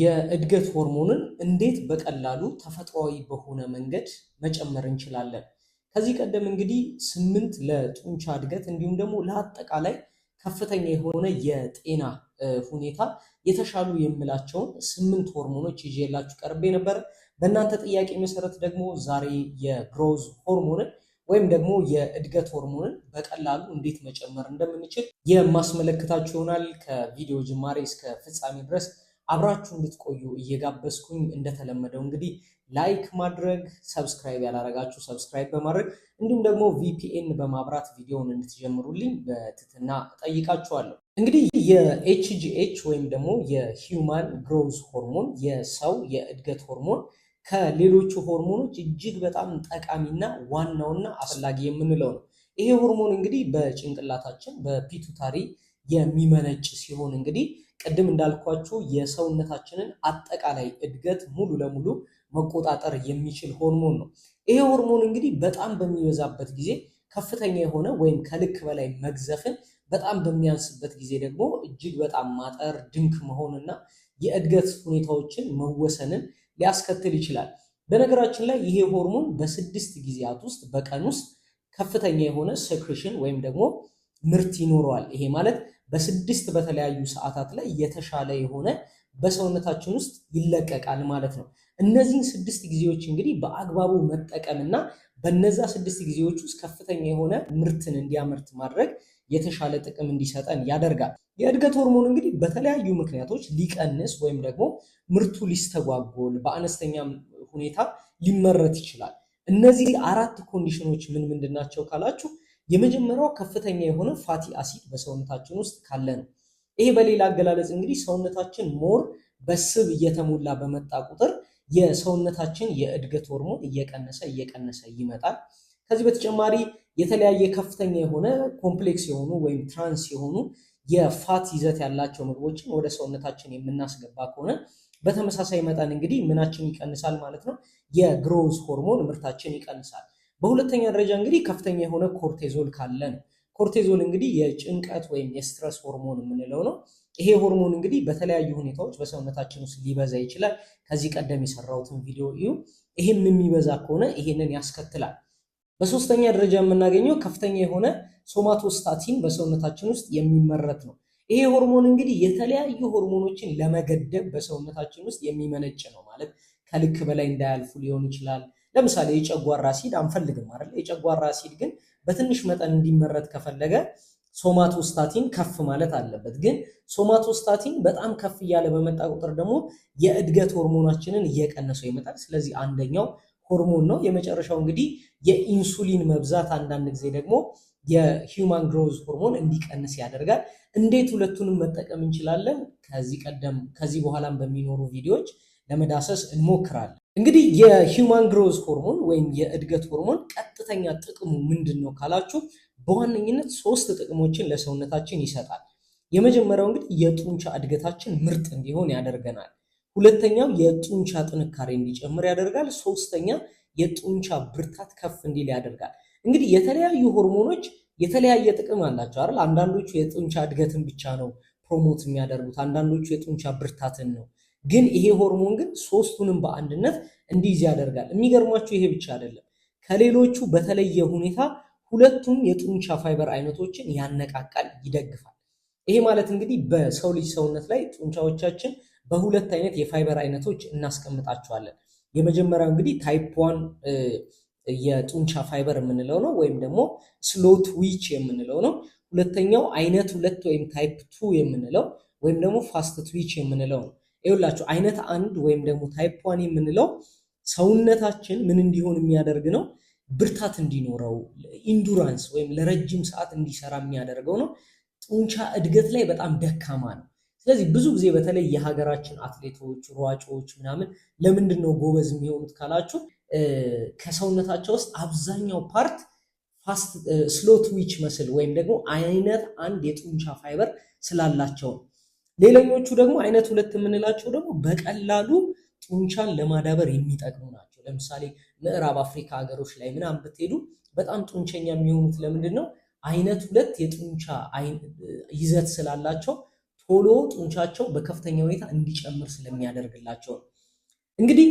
የእድገት ሆርሞንን እንዴት በቀላሉ ተፈጥሯዊ በሆነ መንገድ መጨመር እንችላለን? ከዚህ ቀደም እንግዲህ ስምንት ለጡንቻ እድገት እንዲሁም ደግሞ ለአጠቃላይ ከፍተኛ የሆነ የጤና ሁኔታ የተሻሉ የምላቸውን ስምንት ሆርሞኖች ይዤላችሁ ቀርቤ ነበር። በእናንተ ጥያቄ መሰረት ደግሞ ዛሬ የግሮዝ ሆርሞንን ወይም ደግሞ የእድገት ሆርሞንን በቀላሉ እንዴት መጨመር እንደምንችል የማስመለክታችሁ ይሆናል። ከቪዲዮ ጅማሬ እስከ ፍጻሜ ድረስ አብራችሁ እንድትቆዩ እየጋበዝኩኝ እንደተለመደው እንግዲህ ላይክ ማድረግ፣ ሰብስክራይብ ያላረጋችሁ ሰብስክራይብ በማድረግ እንዲሁም ደግሞ ቪፒኤን በማብራት ቪዲዮውን እንድትጀምሩልኝ በትትና ጠይቃችኋለሁ። እንግዲህ የኤችጂኤች ወይም ደግሞ የሂውማን ግሮዝ ሆርሞን የሰው የእድገት ሆርሞን ከሌሎቹ ሆርሞኖች እጅግ በጣም ጠቃሚና ዋናውና አስፈላጊ የምንለው ነው። ይሄ ሆርሞን እንግዲህ በጭንቅላታችን በፒቱታሪ የሚመነጭ ሲሆን እንግዲህ ቅድም እንዳልኳችሁ የሰውነታችንን አጠቃላይ እድገት ሙሉ ለሙሉ መቆጣጠር የሚችል ሆርሞን ነው። ይሄ ሆርሞን እንግዲህ በጣም በሚበዛበት ጊዜ ከፍተኛ የሆነ ወይም ከልክ በላይ መግዘፍን፣ በጣም በሚያንስበት ጊዜ ደግሞ እጅግ በጣም ማጠር፣ ድንክ መሆንና የእድገት ሁኔታዎችን መወሰንን ሊያስከትል ይችላል። በነገራችን ላይ ይሄ ሆርሞን በስድስት ጊዜያት ውስጥ በቀን ውስጥ ከፍተኛ የሆነ ሴክሬሽን ወይም ደግሞ ምርት ይኖረዋል። ይሄ ማለት በስድስት በተለያዩ ሰዓታት ላይ የተሻለ የሆነ በሰውነታችን ውስጥ ይለቀቃል ማለት ነው። እነዚህን ስድስት ጊዜዎች እንግዲህ በአግባቡ መጠቀምና በነዛ ስድስት ጊዜዎች ውስጥ ከፍተኛ የሆነ ምርትን እንዲያመርት ማድረግ የተሻለ ጥቅም እንዲሰጠን ያደርጋል። የእድገት ሆርሞን እንግዲህ በተለያዩ ምክንያቶች ሊቀንስ ወይም ደግሞ ምርቱ ሊስተጓጎል በአነስተኛ ሁኔታ ሊመረት ይችላል። እነዚህ አራት ኮንዲሽኖች ምን ምንድን ናቸው ካላችሁ የመጀመሪያው ከፍተኛ የሆነ ፋቲ አሲድ በሰውነታችን ውስጥ ካለ ነው። ይሄ በሌላ አገላለጽ እንግዲህ ሰውነታችን ሞር በስብ እየተሞላ በመጣ ቁጥር የሰውነታችን የእድገት ሆርሞን እየቀነሰ እየቀነሰ ይመጣል። ከዚህ በተጨማሪ የተለያየ ከፍተኛ የሆነ ኮምፕሌክስ የሆኑ ወይም ትራንስ የሆኑ የፋት ይዘት ያላቸው ምግቦችን ወደ ሰውነታችን የምናስገባ ከሆነ በተመሳሳይ መጠን እንግዲህ ምናችን ይቀንሳል ማለት ነው። የግሮዝ ሆርሞን ምርታችን ይቀንሳል። በሁለተኛ ደረጃ እንግዲህ ከፍተኛ የሆነ ኮርቴዞል ካለ ነው። ኮርቴዞል እንግዲህ የጭንቀት ወይም የስትረስ ሆርሞን የምንለው ነው። ይሄ ሆርሞን እንግዲህ በተለያዩ ሁኔታዎች በሰውነታችን ውስጥ ሊበዛ ይችላል። ከዚህ ቀደም የሰራሁትን ቪዲዮ እዩ። ይህም የሚበዛ ከሆነ ይሄንን ያስከትላል። በሶስተኛ ደረጃ የምናገኘው ከፍተኛ የሆነ ሶማቶስታቲን በሰውነታችን ውስጥ የሚመረት ነው። ይሄ ሆርሞን እንግዲህ የተለያዩ ሆርሞኖችን ለመገደብ በሰውነታችን ውስጥ የሚመነጭ ነው። ማለት ከልክ በላይ እንዳያልፉ ሊሆን ይችላል ለምሳሌ የጨጓራ አሲድ አንፈልግም አይደል? የጨጓራ አሲድ ግን በትንሽ መጠን እንዲመረት ከፈለገ ሶማቶስታቲን ከፍ ማለት አለበት። ግን ሶማቶስታቲን በጣም ከፍ እያለ በመጣ ቁጥር ደግሞ የእድገት ሆርሞናችንን እየቀነሰው ይመጣል። ስለዚህ አንደኛው ሆርሞን ነው። የመጨረሻው እንግዲህ የኢንሱሊን መብዛት አንዳንድ ጊዜ ደግሞ የሂውማን ግሮዝ ሆርሞን እንዲቀንስ ያደርጋል። እንዴት ሁለቱንም መጠቀም እንችላለን? ከዚህ ቀደም ከዚህ በኋላም በሚኖሩ ቪዲዮዎች ለመዳሰስ እንሞክራለን። እንግዲህ የሂውማን ግሮዝ ሆርሞን ወይም የእድገት ሆርሞን ቀጥተኛ ጥቅሙ ምንድን ነው ካላችሁ በዋነኝነት ሶስት ጥቅሞችን ለሰውነታችን ይሰጣል። የመጀመሪያው እንግዲህ የጡንቻ እድገታችን ምርጥ እንዲሆን ያደርገናል። ሁለተኛው የጡንቻ ጥንካሬ እንዲጨምር ያደርጋል። ሶስተኛ የጡንቻ ብርታት ከፍ እንዲል ያደርጋል። እንግዲህ የተለያዩ ሆርሞኖች የተለያየ ጥቅም አላቸው አይደል? አንዳንዶቹ የጡንቻ እድገትን ብቻ ነው ፕሮሞት የሚያደርጉት፣ አንዳንዶቹ የጡንቻ ብርታትን ነው ግን ይሄ ሆርሞን ግን ሶስቱንም በአንድነት እንዲይዝ ያደርጋል። የሚገርማችሁ ይሄ ብቻ አይደለም። ከሌሎቹ በተለየ ሁኔታ ሁለቱም የጡንቻ ፋይበር አይነቶችን ያነቃቃል፣ ይደግፋል። ይሄ ማለት እንግዲህ በሰው ልጅ ሰውነት ላይ ጡንቻዎቻችን በሁለት አይነት የፋይበር አይነቶች እናስቀምጣቸዋለን። የመጀመሪያው እንግዲህ ታይፕ ዋን የጡንቻ ፋይበር የምንለው ነው፣ ወይም ደግሞ ስሎት ዊች የምንለው ነው። ሁለተኛው አይነት ሁለት ወይም ታይፕ ቱ የምንለው ወይም ደግሞ ፋስት ትዊች የምንለው ነው። ይኸውላችሁ አይነት አንድ ወይም ደግሞ ታይፕ ዋን የምንለው ሰውነታችን ምን እንዲሆን የሚያደርግ ነው? ብርታት እንዲኖረው ኢንዱራንስ ወይም ለረጅም ሰዓት እንዲሰራ የሚያደርገው ነው። ጡንቻ እድገት ላይ በጣም ደካማ ነው። ስለዚህ ብዙ ጊዜ በተለይ የሀገራችን አትሌቶች፣ ሯጮች ምናምን ለምንድን ነው ጎበዝ የሚሆኑት ካላችሁ ከሰውነታቸው ውስጥ አብዛኛው ፓርት ፋስት ስሎ ትዊች መስል ወይም ደግሞ አይነት አንድ የጡንቻ ፋይበር ስላላቸው ነው። ሌላኞቹ ደግሞ አይነት ሁለት የምንላቸው ደግሞ በቀላሉ ጡንቻን ለማዳበር የሚጠቅሙ ናቸው። ለምሳሌ ምዕራብ አፍሪካ ሀገሮች ላይ ምናምን ብትሄዱ በጣም ጡንቸኛ የሚሆኑት ለምንድን ነው? አይነት ሁለት የጡንቻ ይዘት ስላላቸው ቶሎ ጡንቻቸው በከፍተኛ ሁኔታ እንዲጨምር ስለሚያደርግላቸው ነው። እንግዲህ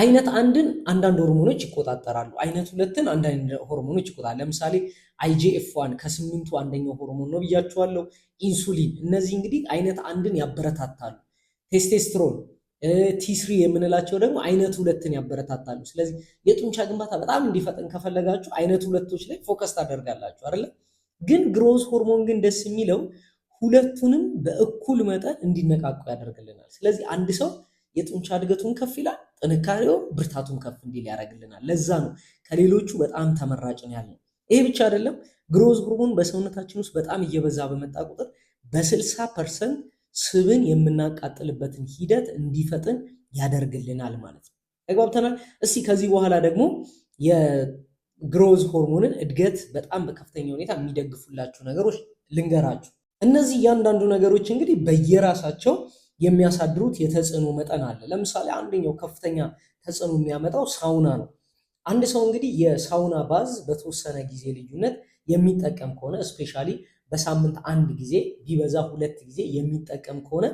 አይነት አንድን አንዳንድ ሆርሞኖች ይቆጣጠራሉ። አይነት ሁለትን አንዳንድ ሆርሞኖች ይቆጣል። ለምሳሌ አይጂኤፍ ዋን ከስምንቱ አንደኛው ሆርሞን ነው ብያችኋለሁ። ኢንሱሊን፣ እነዚህ እንግዲህ አይነት አንድን ያበረታታሉ። ቴስቴስትሮን፣ ቲስሪ የምንላቸው ደግሞ አይነት ሁለትን ያበረታታሉ። ስለዚህ የጡንቻ ግንባታ በጣም እንዲፈጥን ከፈለጋችሁ አይነት ሁለቶች ላይ ፎከስ ታደርጋላችሁ አይደለ? ግን ግሮዝ ሆርሞን ግን ደስ የሚለው ሁለቱንም በእኩል መጠን እንዲነቃቁ ያደርግልናል። ስለዚህ አንድ ሰው የጡንቻ እድገቱን ከፍ ይላል፣ ጥንካሬው ብርታቱን ከፍ እንዲል ያደርግልናል። ለዛ ነው ከሌሎቹ በጣም ተመራጭ ነው ያለው። ይሄ ብቻ አይደለም፣ ግሮዝ ሆርሞን በሰውነታችን ውስጥ በጣም እየበዛ በመጣ ቁጥር በ 60 ፐርሰንት ስብን የምናቃጥልበትን ሂደት እንዲፈጥን ያደርግልናል ማለት ነው። ተግባብተናል። እስቲ ከዚህ በኋላ ደግሞ የግሮዝ ሆርሞንን እድገት በጣም በከፍተኛ ሁኔታ የሚደግፉላችሁ ነገሮች ልንገራችሁ። እነዚህ እያንዳንዱ ነገሮች እንግዲህ በየራሳቸው የሚያሳድሩት የተጽዕኖ መጠን አለ። ለምሳሌ አንደኛው ከፍተኛ ተጽዕኖ የሚያመጣው ሳውና ነው። አንድ ሰው እንግዲህ የሳውና ባዝ በተወሰነ ጊዜ ልዩነት የሚጠቀም ከሆነ እስፔሻሊ በሳምንት አንድ ጊዜ ቢበዛ ሁለት ጊዜ የሚጠቀም ከሆነ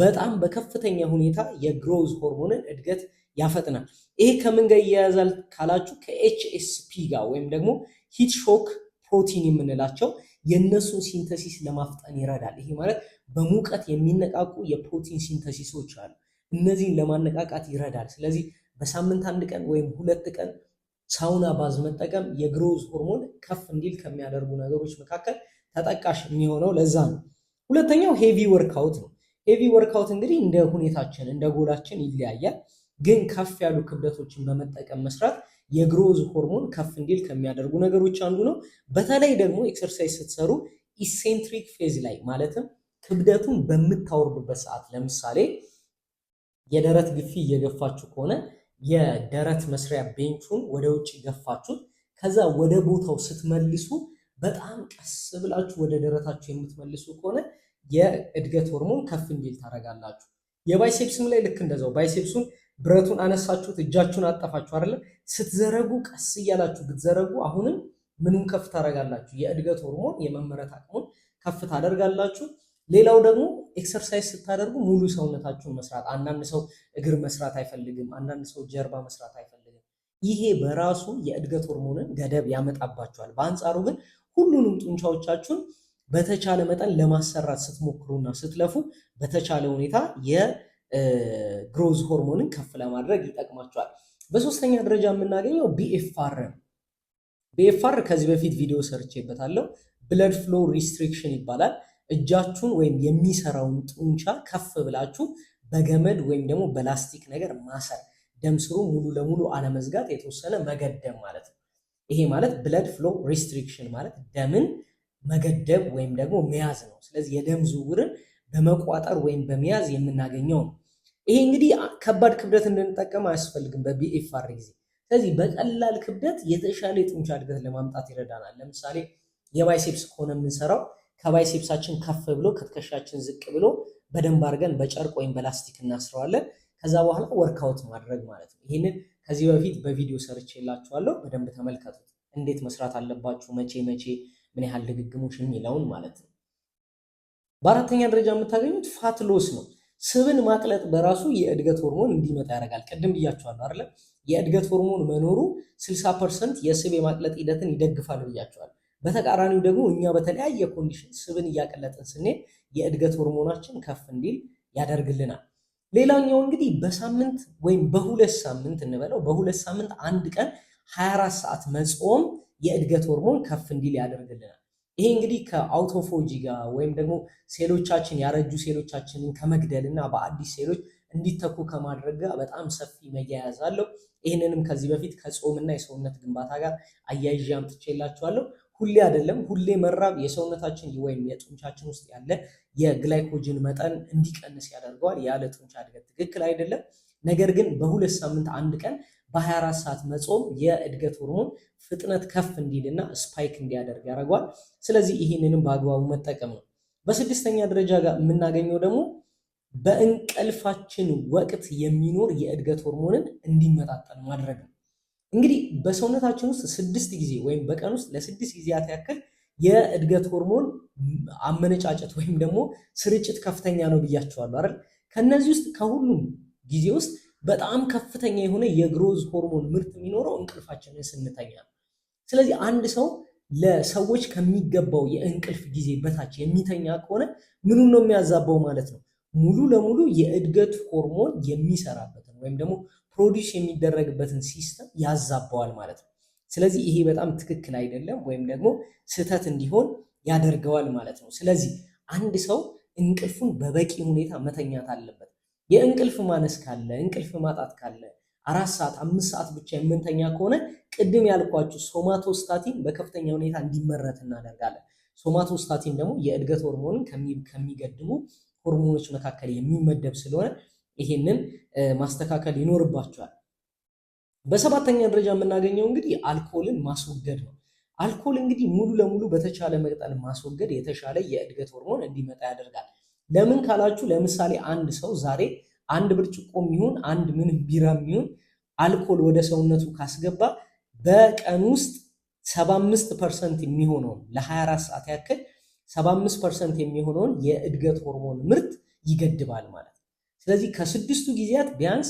በጣም በከፍተኛ ሁኔታ የግሮዝ ሆርሞንን እድገት ያፈጥናል። ይሄ ከምን ጋር ይያያዛል ካላችሁ ከኤችኤስፒ ጋር ወይም ደግሞ ሂት ሾክ ፕሮቲን የምንላቸው የእነሱን ሲንተሲስ ለማፍጠን ይረዳል። ይሄ ማለት በሙቀት የሚነቃቁ የፕሮቲን ሲንተሲሶች አሉ። እነዚህን ለማነቃቃት ይረዳል። ስለዚህ በሳምንት አንድ ቀን ወይም ሁለት ቀን ሳውና ባዝ መጠቀም የግሮዝ ሆርሞን ከፍ እንዲል ከሚያደርጉ ነገሮች መካከል ተጠቃሽ የሚሆነው ለዛ ነው። ሁለተኛው ሄቪ ወርካውት ነው። ሄቪ ወርካውት እንግዲህ እንደ ሁኔታችን እንደ ጎላችን ይለያያል። ግን ከፍ ያሉ ክብደቶችን በመጠቀም መስራት የግሮዝ ሆርሞን ከፍ እንዲል ከሚያደርጉ ነገሮች አንዱ ነው። በተለይ ደግሞ ኤክሰርሳይዝ ስትሰሩ ኢሴንትሪክ ፌዝ ላይ ማለትም ክብደቱን በምታወርዱበት ሰዓት ለምሳሌ የደረት ግፊ እየገፋችሁ ከሆነ የደረት መስሪያ ቤንቹን ወደ ውጭ ገፋችሁት፣ ከዛ ወደ ቦታው ስትመልሱ በጣም ቀስ ብላችሁ ወደ ደረታችሁ የምትመልሱ ከሆነ የእድገት ሆርሞን ከፍ እንዲል ታደርጋላችሁ። የባይሴፕስም ላይ ልክ እንደዛው ባይሴፕሱን ብረቱን አነሳችሁት፣ እጃችሁን አጠፋችሁ አይደለ? ስትዘረጉ ቀስ እያላችሁ ብትዘረጉ አሁንም ምኑን ከፍ ታደርጋላችሁ? የእድገት ሆርሞን የመመረት አቅሙን ከፍ ታደርጋላችሁ። ሌላው ደግሞ ኤክሰርሳይዝ ስታደርጉ ሙሉ ሰውነታችሁን መስራት። አንዳንድ ሰው እግር መስራት አይፈልግም፣ አንዳንድ ሰው ጀርባ መስራት አይፈልግም። ይሄ በራሱ የእድገት ሆርሞንን ገደብ ያመጣባችኋል። በአንጻሩ ግን ሁሉንም ጡንቻዎቻችሁን በተቻለ መጠን ለማሰራት ስትሞክሩና ስትለፉ በተቻለ ሁኔታ ግሮዝ ሆርሞንን ከፍ ለማድረግ ይጠቅማቸዋል። በሶስተኛ ደረጃ የምናገኘው ቢኤፍአር ነው። ቢኤፍአር ከዚህ በፊት ቪዲዮ ሰርቼበታለሁ። ብለድ ፍሎ ሪስትሪክሽን ይባላል። እጃችሁን ወይም የሚሰራውን ጡንቻ ከፍ ብላችሁ በገመድ ወይም ደግሞ በላስቲክ ነገር ማሰር፣ ደም ስሩ ሙሉ ለሙሉ አለመዝጋት፣ የተወሰነ መገደብ ማለት ነው። ይሄ ማለት ብለድ ፍሎ ሪስትሪክሽን ማለት ደምን መገደብ ወይም ደግሞ መያዝ ነው። ስለዚህ የደም ዝውውርን በመቋጠር ወይም በመያዝ የምናገኘው ነው። ይሄ እንግዲህ ከባድ ክብደት እንድንጠቀም አያስፈልግም በቢኤፍአር ጊዜ። ስለዚህ በቀላል ክብደት የተሻለ የጡንቻ እድገት ለማምጣት ይረዳናል። ለምሳሌ የባይሴፕስ ከሆነ የምንሰራው ከባይሴፕሳችን ከፍ ብሎ ከትከሻችን ዝቅ ብሎ በደንብ አድርገን በጨርቅ ወይም በላስቲክ እናስረዋለን። ከዛ በኋላ ወርካውት ማድረግ ማለት ነው። ይህንን ከዚህ በፊት በቪዲዮ ሰርች የላችኋለሁ። በደንብ ተመልከቱት፣ እንዴት መስራት አለባችሁ፣ መቼ መቼ፣ ምን ያህል ድግግሞች የሚለውን ማለት ነው። በአራተኛ ደረጃ የምታገኙት ፋት ሎስ ነው። ስብን ማቅለጥ በራሱ የእድገት ሆርሞን እንዲመጣ ያደርጋል። ቅድም ብያቸዋለሁ አይደለ? የእድገት ሆርሞን መኖሩ 60 ፐርሰንት የስብ የማቅለጥ ሂደትን ይደግፋል ብያቸዋል። በተቃራኒው ደግሞ እኛ በተለያየ ኮንዲሽን ስብን እያቀለጥን ስንሄድ የእድገት ሆርሞናችን ከፍ እንዲል ያደርግልናል። ሌላኛው እንግዲህ በሳምንት ወይም በሁለት ሳምንት እንበለው በሁለት ሳምንት አንድ ቀን 24 ሰዓት መጾም የእድገት ሆርሞን ከፍ እንዲል ያደርግልናል። ይሄ እንግዲህ ከአውቶፎጂ ጋር ወይም ደግሞ ሴሎቻችን ያረጁ ሴሎቻችንን ከመግደል እና በአዲስ ሴሎች እንዲተኩ ከማድረግ ጋር በጣም ሰፊ መያያዝ አለው። ይህንንም ከዚህ በፊት ከጾምና የሰውነት ግንባታ ጋር አያይዤ አምጥቼላችኋለሁ። ሁሌ አይደለም ሁሌ መራብ የሰውነታችን ወይም የጡንቻችን ውስጥ ያለ የግላይኮጅን መጠን እንዲቀንስ ያደርገዋል። ያለ ጡንቻ እድገት ትክክል አይደለም። ነገር ግን በሁለት ሳምንት አንድ ቀን በ24 ሰዓት መጾም የእድገት ሆርሞን ፍጥነት ከፍ እንዲልና ስፓይክ እንዲያደርግ ያደርገዋል። ስለዚህ ይህንንም በአግባቡ መጠቀም ነው። በስድስተኛ ደረጃ ጋር የምናገኘው ደግሞ በእንቅልፋችን ወቅት የሚኖር የእድገት ሆርሞንን እንዲመጣጠን ማድረግ ነው። እንግዲህ በሰውነታችን ውስጥ ስድስት ጊዜ ወይም በቀን ውስጥ ለስድስት ጊዜያት ያክል የእድገት ሆርሞን አመነጫጨት ወይም ደግሞ ስርጭት ከፍተኛ ነው ብያቸዋለሁ አይደል? ከነዚህ ውስጥ ከሁሉም ጊዜ ውስጥ በጣም ከፍተኛ የሆነ የግሮዝ ሆርሞን ምርት የሚኖረው እንቅልፋችንን ስንተኛ ነው። ስለዚህ አንድ ሰው ለሰዎች ከሚገባው የእንቅልፍ ጊዜ በታች የሚተኛ ከሆነ ምኑን ነው የሚያዛባው ማለት ነው? ሙሉ ለሙሉ የእድገት ሆርሞን የሚሰራበትን ወይም ደግሞ ፕሮዲስ የሚደረግበትን ሲስተም ያዛባዋል ማለት ነው። ስለዚህ ይሄ በጣም ትክክል አይደለም፣ ወይም ደግሞ ስህተት እንዲሆን ያደርገዋል ማለት ነው። ስለዚህ አንድ ሰው እንቅልፉን በበቂ ሁኔታ መተኛት አለበት። የእንቅልፍ ማነስ ካለ እንቅልፍ ማጣት ካለ አራት ሰዓት አምስት ሰዓት ብቻ የምንተኛ ከሆነ ቅድም ያልኳችሁ ሶማቶስታቲን በከፍተኛ ሁኔታ እንዲመረት እናደርጋለን። ሶማቶስታቲን ደግሞ የእድገት ሆርሞንን ከሚገድሙ ሆርሞኖች መካከል የሚመደብ ስለሆነ ይሄንን ማስተካከል ይኖርባቸዋል። በሰባተኛ ደረጃ የምናገኘው እንግዲህ አልኮልን ማስወገድ ነው። አልኮል እንግዲህ ሙሉ ለሙሉ በተቻለ መጠን ማስወገድ የተሻለ የእድገት ሆርሞን እንዲመጣ ያደርጋል። ለምን ካላችሁ ለምሳሌ አንድ ሰው ዛሬ አንድ ብርጭቆ የሚሆን አንድ ምንም ቢራ የሚሆን አልኮል ወደ ሰውነቱ ካስገባ በቀን ውስጥ 75 ፐርሰንት የሚሆነውን ለ24 ሰዓት ያክል 75 ፐርሰንት የሚሆነውን የእድገት ሆርሞን ምርት ይገድባል ማለት ነው። ስለዚህ ከስድስቱ ጊዜያት ቢያንስ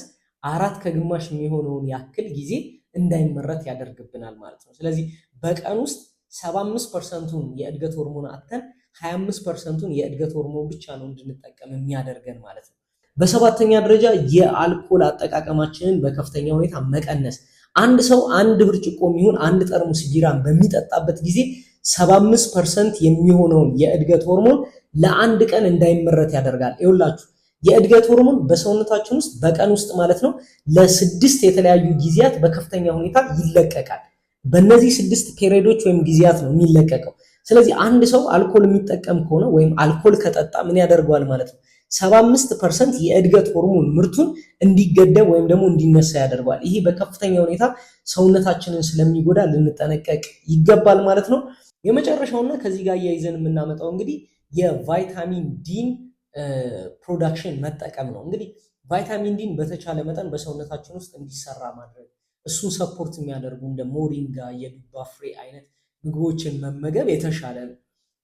አራት ከግማሽ የሚሆነውን ያክል ጊዜ እንዳይመረት ያደርግብናል ማለት ነው። ስለዚህ በቀን ውስጥ 75 ፐርሰንቱን የእድገት ሆርሞን አተን ሀያ አምስት ፐርሰንቱን የእድገት ሆርሞን ብቻ ነው እንድንጠቀም የሚያደርገን ማለት ነው። በሰባተኛ ደረጃ የአልኮል አጠቃቀማችንን በከፍተኛ ሁኔታ መቀነስ። አንድ ሰው አንድ ብርጭቆ የሚሆን አንድ ጠርሙስ ቢራን በሚጠጣበት ጊዜ ሰባ አምስት ፐርሰንት የሚሆነውን የእድገት ሆርሞን ለአንድ ቀን እንዳይመረት ያደርጋል። ይኸውላችሁ የእድገት ሆርሞን በሰውነታችን ውስጥ በቀን ውስጥ ማለት ነው ለስድስት የተለያዩ ጊዜያት በከፍተኛ ሁኔታ ይለቀቃል። በእነዚህ ስድስት ፔሬዶች ወይም ጊዜያት ነው የሚለቀቀው። ስለዚህ አንድ ሰው አልኮል የሚጠቀም ከሆነ ወይም አልኮል ከጠጣ ምን ያደርገዋል ማለት ነው? ሰባ ፐርሰንት የእድገት ሆርሞን ምርቱን እንዲገደብ ወይም ደግሞ እንዲነሳ ያደርገዋል። ይህ በከፍተኛ ሁኔታ ሰውነታችንን ስለሚጎዳ ልንጠነቀቅ ይገባል ማለት ነው። የመጨረሻውና ከዚህ ጋር እያይዘን የምናመጣው እንግዲህ የቫይታሚን ዲን ፕሮዳክሽን መጠቀም ነው። እንግዲህ ቫይታሚን ዲን በተቻለ መጠን በሰውነታችን ውስጥ እንዲሰራ ማድረግ እሱን ሰፖርት የሚያደርጉ እንደ ሞሪንጋ፣ የዱባ ፍሬ አይነት ምግቦችን መመገብ የተሻለ ነው።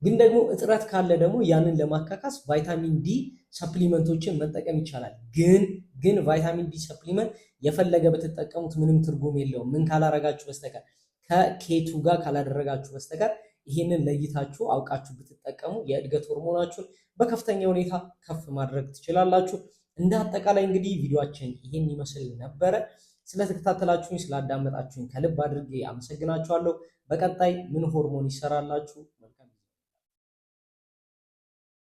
ግን ደግሞ እጥረት ካለ ደግሞ ያንን ለማካካስ ቫይታሚን ዲ ሰፕሊመንቶችን መጠቀም ይቻላል። ግን ግን ቫይታሚን ዲ ሰፕሊመንት የፈለገ በተጠቀሙት ምንም ትርጉም የለውም። ምን ካላረጋችሁ በስተቀር ከኬቱ ጋር ካላደረጋችሁ በስተቀር ይህንን ለይታችሁ አውቃችሁ ብትጠቀሙ የእድገት ሆርሞናችሁን በከፍተኛ ሁኔታ ከፍ ማድረግ ትችላላችሁ። እንደ አጠቃላይ እንግዲህ ቪዲዮችን ይህን ይመስል ነበረ። ስለተከታተላችሁኝ ስላዳመጣችሁኝ ከልብ አድርጌ አመሰግናችኋለሁ። በቀጣይ ምን ሆርሞን ይሰራላችሁ?